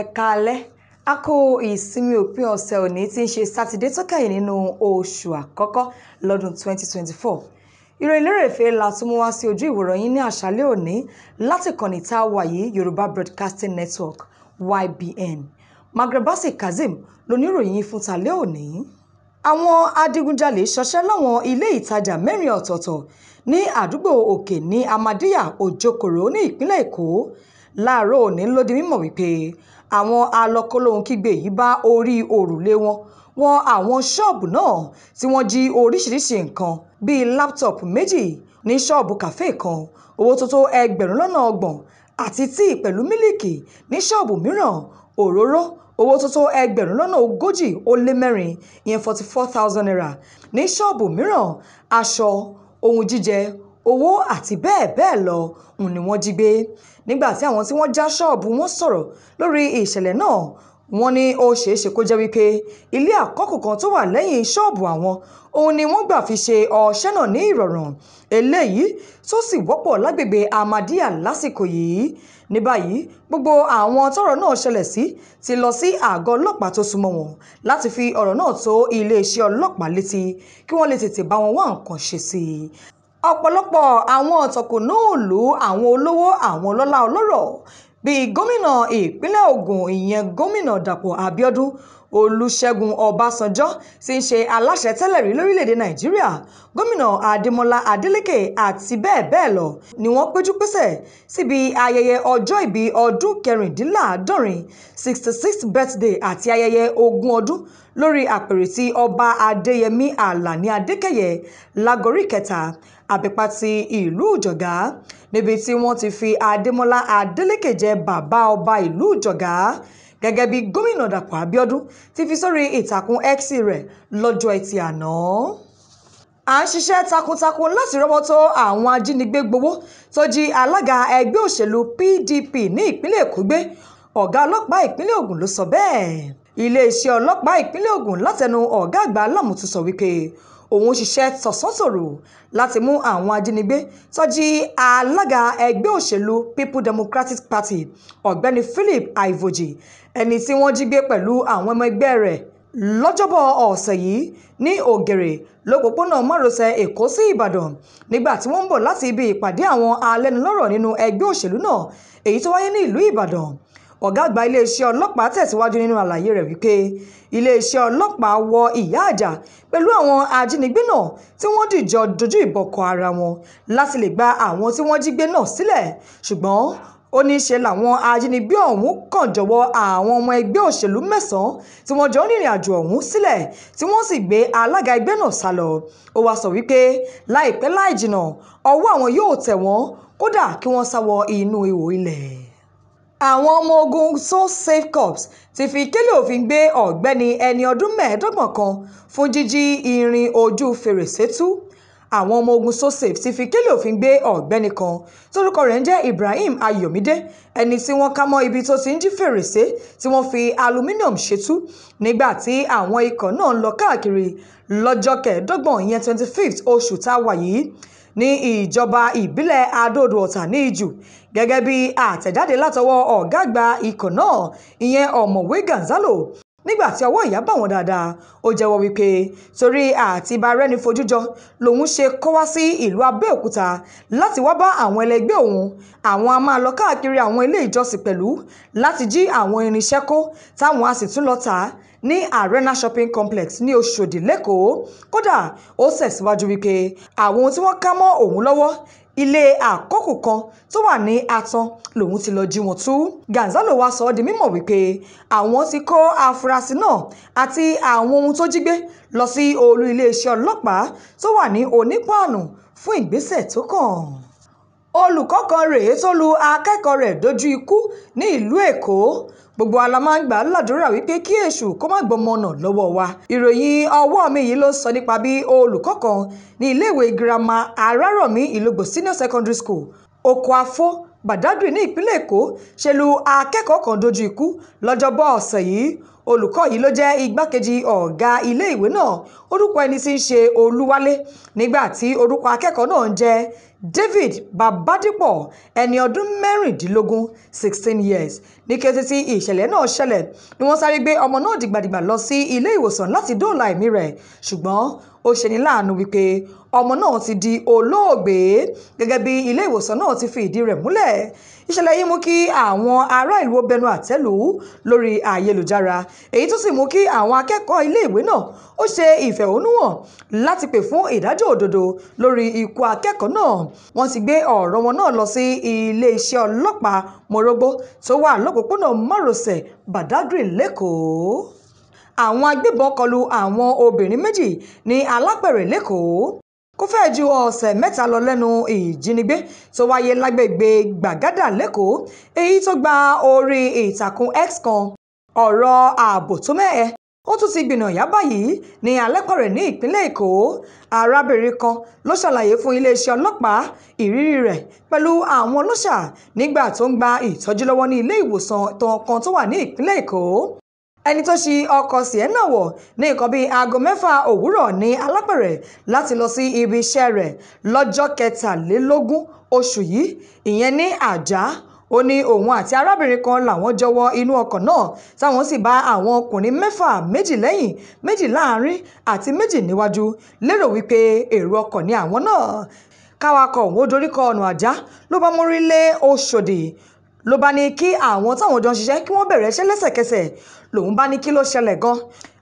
ẹ̀ka alẹ́ a kó ìsinmi òpin ọ̀sẹ̀ òní tí ń ṣe sátidé tó kẹ́yìn nínú oṣù àkọ́kọ́ lọ́dún 2024 ìròyìn lérèfé la tún mú wá sí ojú ìwòran ní àṣálẹ́ òní láti kànnì tá a wà yìí Yorùbá Broadcasting Network YBN Magrebasi Kazeem lóníròyìn fún tàlẹ́ òní. àwọn adigunjalè ṣọṣẹ́ láwọn ilé ìtajà mẹ́rin ọ̀tọ̀ọ̀tọ̀ ní àdúgbò òkè ní Amadíyà Òjòkòrò ní ìpínlẹ̀ Èkó láàárọ̀ òní ló di mímọ̀ wípé àwọn àlọkòlóhùn-kígbe yìí bá orí òrùlé wọn wọ àwọn ṣọ́ọ̀bù náà tí wọ́n jí oríṣiríṣiì nǹkan bíi lápútọ̀ọ̀pù méjì ní ṣọ́ọ̀bù kàféè kan, owó tó tó ẹgbẹ̀rún lọ́nà ọgbọ̀n àti tíì pẹ̀lú mílìkì ní ṣọ́ọ̀bù mìíràn, òróró, owó tó tó ẹgbẹ̀rún lọ́nà ogójì ó lé mẹ́rin (ìyẹn forty four thousand naira) ní ṣọ́ọ̀bù mìíràn, aṣọ, ohun jíjẹ owó àti bẹ́ẹ̀ bẹ́ẹ̀ lọ ń ní wọ́n jí gbé nígbà tí àwọn tí wọ́n já ṣọ́ọ̀bù wọn sọ̀rọ̀ lórí ìṣẹ̀lẹ̀ náà wọ́n ní ó ṣeé ṣe kó jẹ́ wípé ilé àkọ́kù kan tó wà lẹ́yìn ṣọ́ọ̀bù àwọn òun ni wọ́n gbà fi ṣe ọṣẹ́ náà ní ìrọ̀rùn eléyìí tó sì wọ́pọ̀ lágbègbè Ahmadiyya lásìkò yìí ní báyìí gbogbo àwọn tọ́rọ̀ náà ṣẹlẹ̀ sí ti lọ sí àgọ́ ọlọ́pàá tó súnmọ́ wọn láti fi ọ̀rọ̀ náà tó iléeṣẹ́ ọlọ́pàá létí kí wọ́n lè tètè bá wọn wá nǹkan ṣe sí i ọ̀pọ̀lọpọ̀ àwọn tọkànnúùlù àwọn olówó àwọn ọlọ́lá ọlọ́rọ̀ bíi gómìnà ìpínlẹ̀ ogun ìyẹn gómìnà dàpọ̀ abiodun olùṣègùn ọbásanjọ́ tí í ṣe aláṣẹ tẹ́lẹ̀rí lórílẹ̀‐èdè nàíjíríà gómìnà adémọlá adeleke àti bẹ́ẹ̀ bẹ́ẹ̀ lọ ni wọ́n péjú pésẹ̀ síbi ayẹyẹ ọjọ́ ìbí ọdún kẹrìndínláàádọ́rin sixty six birthday àti ayẹyẹ ogún ọdún lórí àpèrè tí ọba adéyẹmí àlàní adékẹyẹ lágorí kẹta àbípa ti ìlú ìjọ̀gá níbi tí wọ́n ti fi adémọlá adeleke jẹ bàbá ọba ìlú ìjọ̀gá gẹ́gẹ́ bí gómìnà Dàpọ̀ Abíọ́dún ti fi sórí ìtàkùn X rẹ̀ lọ́jọ́ Ẹtì àná a ń ṣiṣẹ́ takuntakun láti rọ́wọ́ tó àwọn ajínigbé gbowó tó jí alága ẹgbẹ́ òṣèlú PDP ní ìpínlẹ̀ Èkó gbé ọ̀gá ọlọ́pàá ìpínlẹ̀ Ògùn ló sọ bẹ́ẹ̀ iléeṣẹ́ ọlọ́pàá ìpínlẹ̀ Ògùn látẹnu ọ̀gá àgbà alámùtú wípé òun ṣiṣẹ́ tọ̀sán-tòru láti mú àwọn ajínigbé tó jí alága ẹgbẹ́ òṣèlú People Democratic Party ọ̀gbẹ́ni Philip Ivoji ẹni tí wọ́n jí gbé pẹ̀lú àwọn ọmọ ẹgbẹ́ rẹ̀ lọ́jọ́bọ̀ ọ̀sẹ̀ yìí ní Ògèrè lópòpónà márosẹ̀ Èkó sí Ìbàdàn nígbà tí wọ́n ń bọ̀ láti ibi ìpàdé àwọn alẹ́nulọ́rọ̀ nínú ẹgbẹ́ òṣèlú náà èyí tó wáyé ní ìlú Ìbàdàn ọ̀gá àgbà iléeṣẹ́ ọlọ́pàá tẹ̀síwájú nínú àlàyé rẹ̀ wípé iléeṣẹ́ ọlọ́pàá wọ ìyá àjà pẹ̀lú àwọn ajínigbé náà tí wọ́n dìjọ dojú ìbọn ara wọn láti lè gba àwọn tí wọ́n jí gbé náà sílẹ̀ ṣùgbọ́n ó ní ṣe làwọn ajínigbé ọ̀hún kàn jọ̀wọ́ àwọn ọmọ ẹgbẹ́ òṣèlú mẹ́sàn-án tí wọ́n jọ ń rìnrìn àjò ọ̀hún sílẹ̀ tí wọ́n sì gbé alága ẹgbẹ́ náà sá lọ ó wáá sọ wípé láìpẹ́ láì jìnnà ọwọ́ àwọn yóò tẹ̀ wọ́n kódà kí wọ́n sá inú ihò ilẹ̀ àwọn ọmọ ogun so-safe corps ti fi kélé òfin gbé ọ̀gbẹ́ni ẹni ọdún mẹ́ẹ̀ẹ́dọ́gbọ̀n kan fún jíjí irin ojú fèrèsé tú àwọn ọmọ ogun so-safe ti fi kélé òfin gbé ọ̀gbẹ́ni kan tórúkọ rẹ̀ ń jẹ́ Ibrahim Ayọ̀mídé ẹni tí wọ́n ká mọ́ ibi tó ti ń jí fèrèsé tí wọ́n fi aluminium ṣe tú nígbà tí àwọn ikọ̀ náà ń lọ káàkiri lọ́jọ́ kẹẹ̀ẹ́dọ́gbọ̀n ìyẹn 25th oṣù tá a wà yìí ní ìjọba ìbílẹ̀ Adó-Odò Ọ̀tà ní Ìjù gẹ́gẹ́ bí àtẹ̀jáde látọwọ́ ọ̀gá àgbà ikọ̀ náà ìyẹn ọ̀mọ̀wé Gonzalo nígbà tí ọwọ́ ìyá bà wọ́n dáadáa ó jẹ́wọ́ wípé torí àti bá rẹ́ni fojújọ lòun ṣe kó wá sí ìlú Abẹ́òkúta láti wá bá àwọn ẹlẹgbẹ́ òun àwọn a máa lọ káàkiri àwọn ilé ìjọsìn pẹ̀lú láti jí àwọn irinṣẹ́ kó táwọn a sì tún lọ tà ní Arena Shopping Complex ní Oṣòdì lẹ́kọ̀ọ́ kódà ó tẹ̀síwájú wípé àwọn ohun tí wọ́n ká mọ́ òun lọ́wọ́ ilé àkọ́kù kan tó wà ní Atan lòun ti lọ́ọ́ jí wọn tú Gonzalo wá sọ ọ́ di mímọ̀ wípé àwọn ti kó afurasí náà àti àwọn ohun tó jí gbé lọ sí olú iléeṣẹ́ ọlọ́pàá tó wà ní Onípáànù fún ìgbésẹ̀ tó kàn olùkọ́ kan rèé tó lu akẹ́kọ̀ọ́ rẹ̀ dójú ikú ní ìlú èkó gbogbo wa la máa ń gbà ládùúrà wípé kí èṣù kó má gbọmọ lọ́wọ́ wa ìròyìn ọwọ́ mi yìí ló sọ nípa bí olùkọ́ kan ní iléèwé girama arárọ̀mí ìlógbò senior secondary school okoafo Badagry ní ìpínlẹ̀ èkó ṣe lu akẹ́kọ̀ọ́ kan dojú ikú lọ́jọ́bọ̀ ọ̀sẹ̀ yìí olùkọ́ yìí ló jẹ́ igbákejì ọ̀gá ilé ìwé náà orúkọ ẹni tí ń ṣe olúwálé nígbà tí orúkọ akẹ́kọ̀ọ́ náà ń jẹ́ david babàdìpọ̀ ẹni ọdún mẹ́rìndínlógún sixteen years ní kété tí ìṣẹ̀lẹ̀ náà ṣẹlẹ̀ ni wọ́n sáré gbé ọmọ náà dìgbàdìgbà lọ sí ilé ìwòsàn láti dóòlà ẹ̀mí rẹ̀ ṣùgbọ́n ó ṣeni láàánú wípé ọmọ náà ti di olóògbé gẹ́gẹ́ bí ilé ìwòsàn náà ti fi ìdí rẹ̀ múlẹ̀ ìṣẹ̀lẹ̀ yìí mú kí àwọn ará ìlú bẹnu àtẹ́lù lórí ayélujára èyí tó sì mú kí àwọn akẹ́kọ̀ọ́ iléèwé náà ó ṣe ìfẹ̀hónúhàn láti pè fún ìdájọ́ òdodo lórí ikú akẹ́kọ̀ọ́ náà wọ́n ti gbé ọ̀rọ̀ wọn náà lọ sí iléeṣẹ́ ọlọ́pàá morogbó tó wà lọ́pàá òpópónà márosẹ̀ badagry lẹ́kọ̀ọ́ àwọn agbébọn kọlu àwọn obìnrin méjì ní alápẹ̀rẹ̀ lẹ́kọ̀ọ́ kò fẹ́ẹ̀ ju ọ̀sẹ̀ mẹ́ta lọ lẹ́nu ìjínigbé tó wáyé lágbègbè gbàgádà lẹ́kọ̀ọ́ èyí tó gba orí ìtàkùn x kan ọ̀rọ̀ ààbò tó mẹ́hẹ ó tún ti gbìnàyá báyìí ní alẹ́kọ̀ọ́rẹ́ ní ìpínlẹ̀ èkó arábìnrin kan ló ṣàlàyé fún iléeṣẹ́ ọlọ́pàá ìrírí rẹ̀ pẹ̀lú àwọn ọlọ́ṣà nígbà tó ń gba ìtọ́jú lọ́wọ́ ní ilé ìwòsàn kan tó wà ní ìpínlẹ̀ èkó ẹni tó ṣi ọkọ̀ sienna wọ̀ ní nǹkan bíi aago mẹ́fà òwúrọ̀ ní alápẹ̀rẹ̀ láti lọ sí ibi iṣẹ́ rẹ̀ lọ́jọ́ kẹtàlélógún oṣù yìí ìyẹn ní àjá ó ní òun àti arábìnrin kan làwọn jọ wọ inú ọkọ̀ náà táwọn sì bá àwọn ọkùnrin mẹ́fà méjì lẹ́yìn méjì láàárín àti méjì níwájú lérò wípé èrò ọkọ̀ ni àwọn náà káwakọ̀ òun ó doríkọ ọ̀nà àjá ló bá mórí lé Oṣòdì ló bá ní kí àwọn táwọn jọ ń ṣiṣẹ́ kí wọ́n bẹ̀rẹ̀ iṣẹ́ lẹ́sẹ̀kẹsẹ̀ lòun bá ní kí ló ṣẹlẹ̀ gan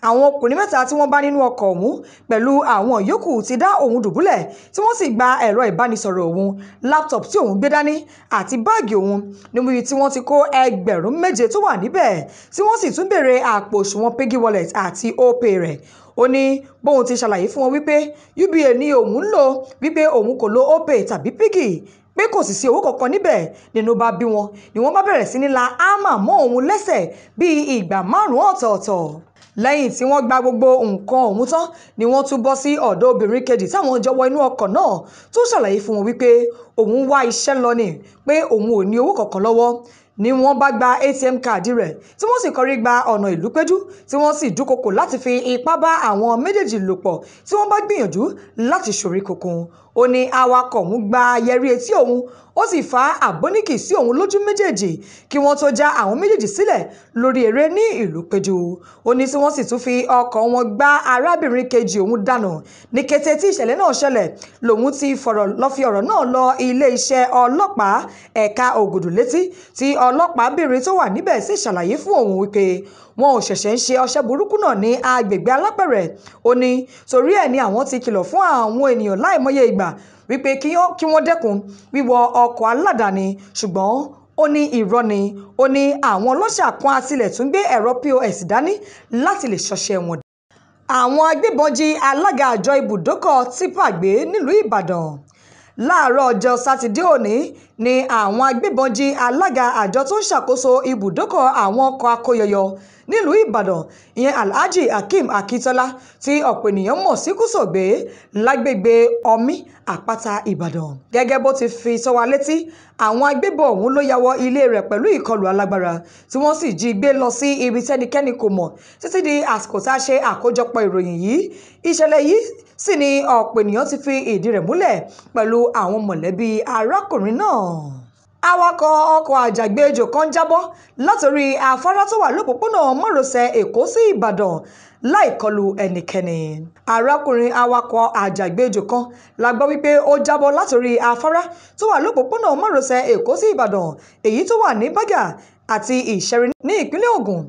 àwọn ọkùnrin mẹ́ta tí wọ́n bá nínú ọkọ̀ ọ̀hún pẹ̀lú àwọn yòókù ti dá òun dùbúlẹ̀ tí wọ́n sì gba ẹ̀rọ ìbánisọ̀rọ̀ òun laptop tí òun gbé dání àti báàgì òun níbi tí wọ́n ti kó ẹgbẹ̀rún méje tó wà níbẹ̀ tí wọ́n sì tún béèrè àpò òṣùwọ̀n piggy wallet àti opay rẹ̀ ó ní bóun ti ṣàlàyé fún wọn wípé uba ni òun ń lò wípé òun kò lo opay tàbí piggy pé kò sì sí owó kankan níbẹ̀ nínú bá bí wọn ni wọ́n bá bẹ̀rẹ̀ sí ní la ámà mọ́ òun lẹ́sẹ̀ bíi ìgbà márùn-ún ọ̀tọ̀ọ̀tọ̀ lẹ́yìn tí wọ́n gba gbogbo nǹkan ọ̀hún tán ni wọ́n tún bọ́ sí ọ̀dọ̀ obìnrin kejì táwọn jọ wọ inú ọkọ̀ náà tó ṣàlàyé fún wọn wípé òun wá iṣẹ́ lọ ni pé òun ò ní owó kankan lọ́wọ́ ni wọ́n bá gba atm káàdì rẹ̀ tí wọ́n sì kọrí gba ọ̀nà ìlú péjú tí wọ́n sì dúnkokò láti fi ipá bá àwọn méjèèjì lò pọ̀ tí wọ́n bá gbìyànjú láti ṣorí kunkun ó ní awakọ̀ ọ̀hún gba yẹrí etí òun ó sì fa àbóníkì sí òun lójú méjèèjì kí wọ́n tó já àwọn méjèèjì sílẹ̀ lórí eré ní ìlú péjú ó ní tí wọ́n sì tún fi ọkọ̀ wọn gbá arábìnrin kejì òun dànù ní kété tí ìṣẹ̀lẹ̀ náà ṣẹlẹ̀ lòun ti fọ̀rọ̀ lọ fi ọ̀rọ̀ náà lọ iléeṣẹ́ ọlọ́pàá ẹ̀ka ògùdù létí tí ọlọ́pàábìnrin tó wà níbẹ̀ sì ṣàlàyé fún òun wípé wọn ò ṣẹ̀ṣẹ̀ ń ṣe ọṣẹ́ burúkú náà ní agbègbè alápẹ̀rẹ̀ ó ní torí ẹ̀ ni àwọn ti kìlọ̀ fún àwọn ènìyàn láìmọye ìgbà gbà wípé kí wọ́n dẹ́kun wíwọ ọkọ̀ aládàáni ṣùgbọ́n ó ní irọ́ ni ó ní àwọn ọlọ́ṣà kan àtilẹ̀ tún gbé ẹ̀rọ pọ́s dání láti lè ṣọṣẹ́ wọn. àwọn agbébọn jí alága àjọ ibùdókọ̀ tipa gbé nílùú ìbàdàn láàárọ̀ ọjọ́ sátidé òní ni àwọn agbébọn jí alága àjọ tó ń ṣàkóso ibùdókọ̀ àwọn ọkọ̀ akóyọyọ nílùú ìbàdàn ìyẹn alhaji akeem akíntola tí ọ̀pọ̀ ènìyàn mọ̀ sí kùsọ̀gbé lágbègbè ọmí àpáta ìbàdàn gẹ́gẹ́ bó ti fi tó wa létí àwọn agbébọn ọ̀hún ló ya wọ ilé rẹ̀ pẹ̀lú ìkọlù alágbára tí wọ́n sì jí gbé lọ sí ibi tẹ́nikẹ́ni kò mọ̀ títí di àsìkò tá a ṣe àkójọpọ̀ ìròyìn yìí ìṣẹ̀lẹ̀ yìí sì ni ọ̀pọ̀ ènìyàn ti fi ìdí rẹ̀ múlẹ̀ pẹ̀lú àwọn mọ̀lẹ́bí arákùnrin náà awakọ̀ ọkọ̀ ajàgbé-ejò kan jábọ́ látòrí afárá tó wà lópòópónà márosẹ̀ èkó sí ìbàdàn láì kọlu ẹnikẹ́ni arákùnrin awakọ̀ ajàgbé-ejò kan la gbọ́ wípé ó jábọ́ látòrí afárá tó wà lópòópónà márosẹ̀ èkó sí ìbàdàn èyí tó wà ní bágà àti ìṣẹ́rin ní ìpínlẹ̀ ògùn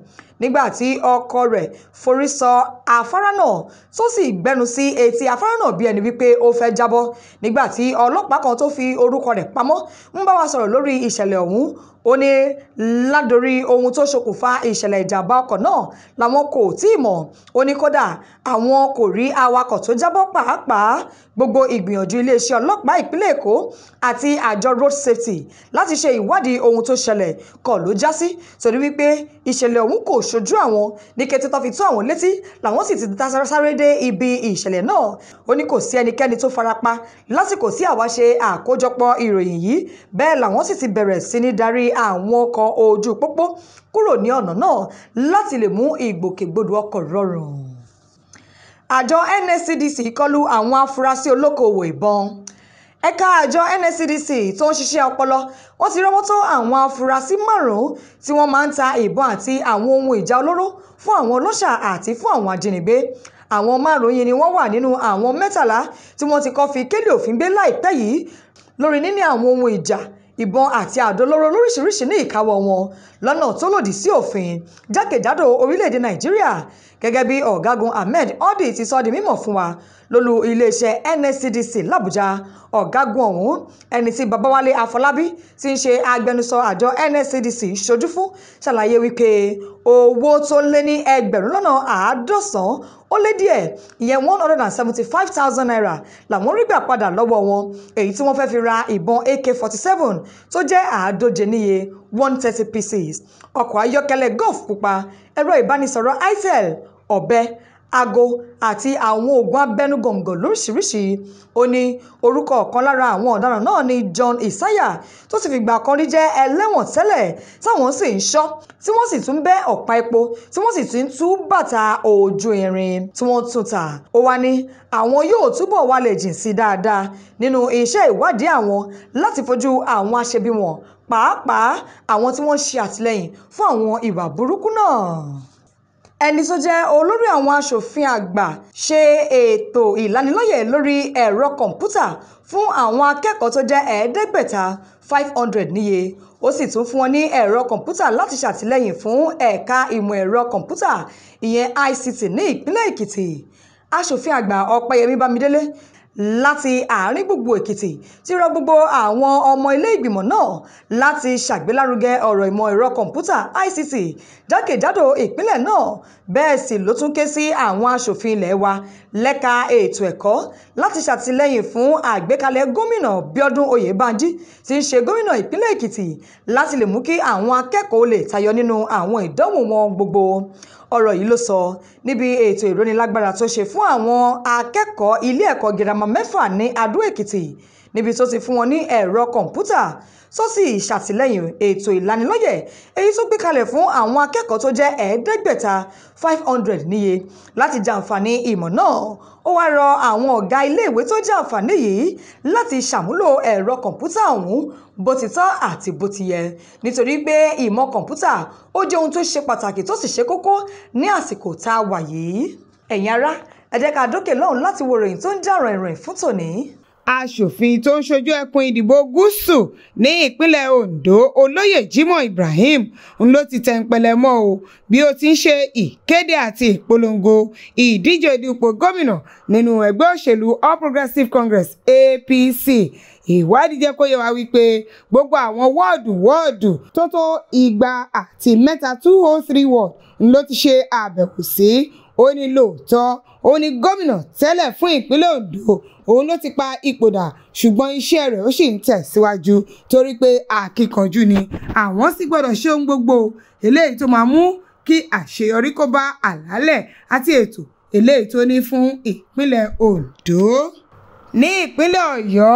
nígbà tí ọkọ rẹ̀ forí sọ afárá náà tó sì gbẹ́nu sí etí afárá náà bí ẹni wípé ó fẹ́ jábọ́ nígbà tí ọlọ́pàá kan tó fi orúkọ rẹ̀ pamọ́ ń bá wa sọ̀rọ̀ lórí ìṣẹ̀lẹ̀ ọ̀hún ó ní ládorí ohun tó ṣokùnfà ìṣẹ̀lẹ̀ ìjàmbá ọkọ̀ náà làwọn kò tí ì mọ̀ ó ní kódà àwọn kò rí awakọ̀ tó jábọ́ pàápàá gbogbo ìgbìyànjú iléeṣẹ́ ọlọ́pàá ìpínlẹ̀ èkó àti àjọ road safety láti ṣe ìwádìí ohun tó ṣẹlẹ̀ kọ́ ló já sí torí wípé ìṣẹ̀lẹ̀ ọ̀hún kò ṣojú àwọn ní kété tó fi tó àwọn létí làwọn sì ti dá sáré dé ibi ìṣẹ̀lẹ̀ náà ó ní kò sí ẹnikẹ́ni tó farapa lásìkò tí àwa ṣe àkójọpọ̀ ìròyìn yìí bẹ́ẹ̀ làwọn sì ti bẹ̀rẹ̀ sí ní darí àwọn ọkọ̀ ojú pópó kúrò ní ọ̀nà náà láti lè mú ìgbòkègbodò ọkọ̀ rọrùn. Àjọ NSCDC kọlu àwọn afurasí olókoòwò ìbọn Ẹ̀ka àjọ NSCDC tó ń ṣiṣẹ́ ọpọlọ wọ́n ti rọ́wọ́ tó àwọn afurasí márùn-ún tí wọ́n máa ń ta ìbọn àti àwọn ohun ìjà olóró fún àwọn ọlọ́ṣà àti fún àwọn ajínigbé. Àwọn márùn-ún yìí ni wọ́n wà nínú àwọn mẹ́tàlá tí wọ́n ti kọ́ fi kélé òfin gbé láìpẹ́ yìí lórí níní àwọn ohun ìjà ìbọn àti àdólóró lóríṣiríṣiì ní ìkáwọ́ wọn lọ́nà tó lòdì sí òfin jákèjádò orílẹ̀-èdè nàìjíríà gẹ́gẹ́ bí ọ̀gágun ahmed obi ti sọ di mímọ̀ fún wa lólú iléeṣẹ́ nscdc làbújá ọ̀gágun ọ̀hún ẹni tí babawale afọlábí ti ń ṣe agbẹnusọ àjọ nscdc ṣojú fún ṣàlàyé wípé owó tó lé ní ẹgbẹ̀rún lọ́nà àádọ́sàn-án ó lé díẹ̀ ìyẹn one hundred and seventy five thousand naira làwọn rí gbà padà lọ́wọ́ wọn èyí tí wọ́n fẹ́ fi ra ìbọn ak forty seven tó jẹ́ àádóje níye one thirty pieces ọkọ̀ ayọ́kẹ́lẹ́ golf pupa ẹ̀rọ ìbánisọ̀rọ̀ itel ọ̀bẹ ago àti àwọn oògùn abẹnugọ̀ńgọ̀ lóríṣìíríṣìí ó ní orúkọ ọ̀kan lára àwọn ọ̀daràn náà ni John Isaiah tó ti fìgbà kan rí jẹ́ ẹlẹ́wọ̀n tẹ́lẹ̀ táwọn sì ń ṣọ́ tí wọ́n sì tún bẹ́ ọ̀pá epo tí wọ́n sì ti ń tú bàtà òjò irin tí wọ́n tún ta ó wá ní àwọn yóò túbọ̀ wá lè jìn sí dáadáa nínú iṣẹ́ ìwádìí àwọn láti fojú àwọn aṣebi wọn pàápàá àwọn tí wọ́n ṣe àtìlẹ́yìn fún àwọn ìwà burúkú náà ẹni tó jẹ́ olórí àwọn aṣòfin àgbà ṣe ètò ìlanilọ́yẹ̀ lórí ẹ̀rọ kọ̀m̀pútà fún àwọn akẹ́kọ̀ọ́ tó jẹ́ ẹ̀ẹ́dẹ́gbẹ̀ta hundred níye ó sì tún fún wọn ní ẹ̀rọ kọ̀m̀pútà láti ṣàtìlẹ́yìn fún ẹ̀ka ìmọ̀ ẹ̀rọ kọ̀m̀pútà ìyẹn ICT ní ìpínlẹ̀ Èkìtì aṣòfin àgbà Ọpẹ́yẹmí Bámidélé láti àárín gbùngbù Èkìtì ti rọ gbogbo àwọn ọmọ ilé ìgbìmọ̀ náà láti ṣàgbélárugẹ ọ̀rọ̀ ìmọ̀ ẹ̀rọ kọ̀m̀pútà ICT jákèjádò ìpínlẹ̀ náà bẹ́ẹ̀ sì ló tún ké sí àwọn aṣòfin ilẹ̀ wa lẹ́ka ètò ẹ̀kọ́ láti ṣàtìlẹ́yìn fún àgbékalẹ̀ gómìnà Bíọ́dún Oyèbánjí tí í ṣe gómìnà ìpínlẹ̀ Èkìtì láti lè mú kí àwọn akẹ́kọ̀ọ́ lè tayọ nínú àwọn ìdánwò wọn gbogbo ọ̀rọ̀ yìí ló sọ níbi ètò ìrónilágbára tó ṣe fún àwọn akẹ́kọ̀ọ́ ilé ẹ̀kọ́ girama mẹ́fà ní adó-èkìtì níbi tó ti fún wọn ní ẹ̀rọ kọ̀ǹpútà tó sì ṣàtìlẹ́yìn ètò ìlanilọ́yẹ̀ èyí tó gbé kalẹ̀ fún àwọn akẹ́kọ̀ọ́ tó jẹ́ ẹ̀ẹ́dẹ́gbẹ̀ta five hundred níye láti jàǹfààní ìmọ̀ náà ó wá rọ àwọn ọ̀gá iléèwé tó jàǹfààní yìí láti ṣàmúlò ẹ̀rọ kọ̀ǹpútà ọ̀hún bó ti tọ́ àti bó ti yẹ nítorí pé ìmọ̀ kọ̀ǹpútà ó jẹ́ ohun tó ṣe pàtàkì tó sì ṣe kókó ní àsìkò tá a wà yìí ẹ̀yin ará ẹ jẹ́ ká dókè lọ́hùn láti wo ìròyìn tó ń jà rìnrìn fún tòní aṣòfin tó ń ṣojú ẹkùn ìdìbò gúúsù ní ìpínlẹ̀ Ondo olóyè Jimoh Ibrahim ń ló ti tẹ̀ǹpẹ̀lẹ̀ mọ́ o bí ó ti ń ṣe ìkéde àti ìpolongo ìdíje ìdìpò gómìnà nínú ẹgbẹ́ òṣèlú All Progressives Congress APC ìwádìí jẹ́ kó yẹ wá wípé gbogbo àwọn wọ́ọ̀dù wọ́ọ̀dù tó tó igba àti mẹ́ta two oh three wọ́ọ̀dù ń ló ti ṣe àbẹ̀wò sí ó ní lóòótọ́ òun ni gómìnà tẹ́lẹ̀ fún ìpínlẹ̀ Ondo òun ló ti pa ipò dà ṣùgbọ́n iṣẹ́ rẹ̀ ó sì ń tẹ̀síwájú torí pé àkìkànjú ni àwọn sì gbọ́dọ̀ ṣe ohun gbogbo eléyìí tó máa mú kí àṣeyọrí kó bá àlálẹ̀ àti ètò eléyìí tó ní fún ìpínlẹ̀ Ondo ní ìpínlẹ̀ Ọ̀yọ́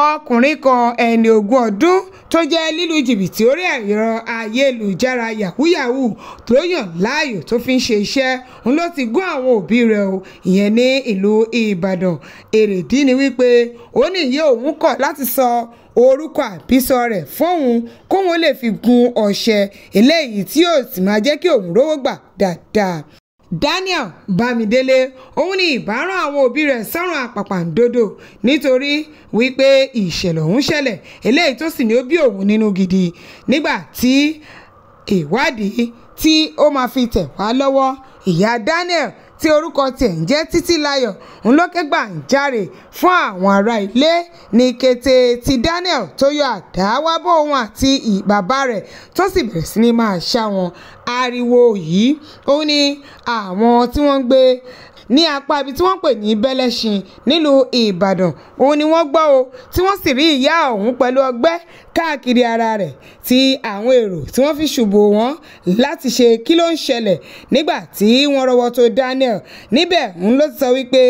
ọkùnrin kan ẹni ogún ọdún tó jẹ́ lílu jìbìtì orí ẹ̀rọ ayélujára yahoo yahoo tó yàn láàyò tó fi ń ṣe iṣẹ́ ń ló ti gún àwọn òbí rẹ̀ o ìyẹn ní ìlú ìbàdàn èrèdí ni wípé ó ní ìyá òun kọ̀ láti sọ orúkọ àbísọ rẹ̀ fóun kóun lè fi gun ọ̀sẹ̀ eléyìí tí yóò sì máa jẹ́ kí òun rówó gbà dáadáa Daniel Bámidélé òun ni ìbáràn àwọn òbí rẹ̀ sọ́rùn àpàpàǹdodo nítorí wípé ìṣẹ̀lẹ̀ ọ̀hún ṣẹlẹ̀ eléyìí tó sì ní ó bí òun nínú gidi nígbà tí ìwádìí tí ó máa fi tẹ̀ wá lọ́wọ́ ìyá Daniel tí orúkọ tiẹ̀ ń jẹ́ títílayọ̀ ńlọ́kẹ́gbà ń járe fún àwọn ará ilé ní kété tí Daniel tó yọ àdá wá bọ́ òun àti bàbá rẹ̀ tó sì bẹ̀rẹ̀ sí ni máa ṣá wọn ariwo yìí ó ní àwọn tí wọ́n ń gbé ní apá ibi tí wọ́n pè ní bẹ́lẹ́ṣin nílùú ìbàdàn òun ni wọ́n gbọ́ o tí wọ́n sì rí ìyá ọ̀hún pẹ̀lú ọgbẹ́ káàkiri ara rẹ̀ tí àwọn èrò tí wọ́n fi ṣùbò wọ́n láti ṣe kí ló ń ṣẹlẹ̀ nígbà tí wọ́n rọwọ́ tó Daniel níbẹ̀ òun ló ti sọ wípé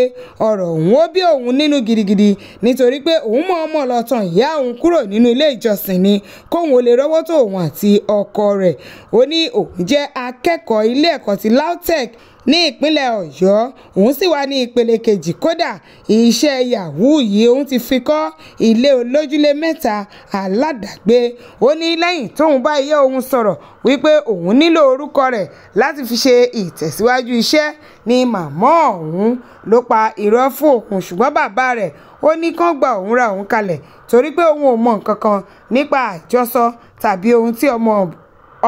ọ̀rọ̀ òun ó bí òun nínú gidigidi nítorí pé òun mọ̀ ọmọ lọ́tàn ìyá òun kúrò nínú ilé ìjọsìn ni kóun ò lè rọwọ́ tó òun àti ọkọ rẹ̀ ó ní òun jẹ́ akẹ́kọ̀ọ́ ilé ẹ̀kọ́ ti LAUTECH ní ìpínlẹ̀ ọ̀yọ́ òun sì wà ní ìpele kejì kódà iṣẹ́ yahoo yìí òun ti fi kọ́ ilé olójúlé mẹ́ta aládàgbé ó ní lẹ́yìn tóun bá iye òun sọ̀rọ̀ wípé òun nílò orúkọ rẹ̀ láti fi ṣe ìtẹ̀síwájú iṣẹ́ ni màmá òun ló pa irọ́ fún òun ṣùgbọ́n bàbá rẹ̀ ó ní kán gba òun ra òun kalẹ̀ torí pé òun ò mọ nǹkan kan nípa àjọsọ tàbí ohun tí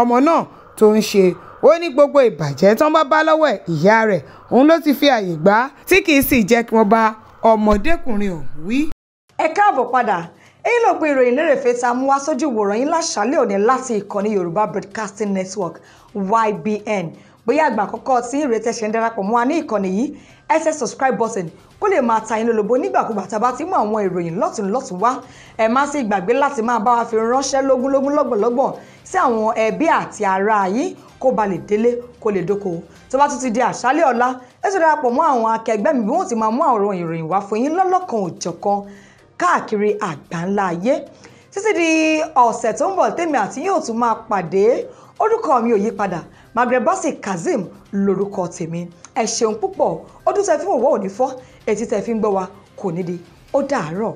ọmọ náà tó ń ṣe ó ní gbogbo ìbàjẹ́ tán bá bá lọ́wọ́ ẹ̀ ìyá rẹ̀ òun ló ti fi àyè gbà tí kì í sì jẹ́ kí wọ́n bá ọmọdékùnrin ọ̀hún wí. ẹ káàbọ̀ padà èyí ló pe ìròyìn lérèfé tá a mú wá sójú ìwòran yín láṣálẹ́ òní láti ìkànnì Yorùbá Broadcasting Network YBN bóyá àgbà àkọ́kọ́ tí ìrètí ẹ̀ṣẹ̀ ń darapọ̀ mọ́ wa ní ìkànnì yìí ẹ subscribe button kó lè máa ta yín lólobó nígbàkúgbà tá a bá ti mú àwọn ìròyìn lọ́tún lọ́tún wá ẹ má sì gbàgbé láti máa bá wa fi ránṣẹ́ lógúnlógún lọ́gbọ̀lọ́gbọ̀ sí àwọn ẹbí àti ará yín kó ba lè délé kó lè dókòwò tó bá tún ti di àṣálẹ́ ọ̀la ẹ sì darapọ̀ mọ́ àwọn akẹgbẹ́ mi bí wọ́n ti máa mú àwọn ìròyìn wá fún yín lọ́lọ́kan òjọ̀kan káàkiri àgbáńlá ayé títí di ọ̀sẹ̀ tó ń bọ̀ tèmi àti yóò tún máa pàdé orúkọ mi ò yí padà magrebasi kazeem lorúkọ tèmi ẹ ṣeun púpọ̀ ọdún tẹ fi ń wọ̀ ò etí tẹ fi ń gbọ́ wa kò ní di ó dàárọ̀.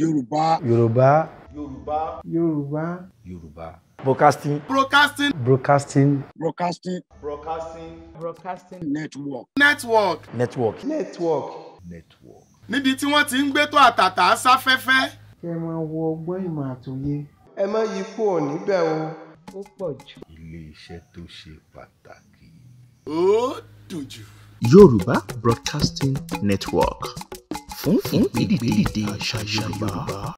yorùbá yorùbá yorùbá yorùbá yorùbá. Broadcasting. Broadcasting. Broadcasting. Broadcasting. Broadcasting. Broadcasting. Network. Network. Network. Network. Network. Níbi tí wọ́n ti ń gbé tó àtàtà sáfẹ́fẹ́. Ẹ máa wo ọgbọ́n ìmọ̀ àtòyé. Ẹ má yí kú ọ̀ níbẹ̀ o. Ó pọ̀ jù. Ilé-iṣẹ́ tó ṣe pàtàkì. Ó dùn jù. Yorùbá Broadcasting Network fún ìgbèdìde àṣà Yorùbá.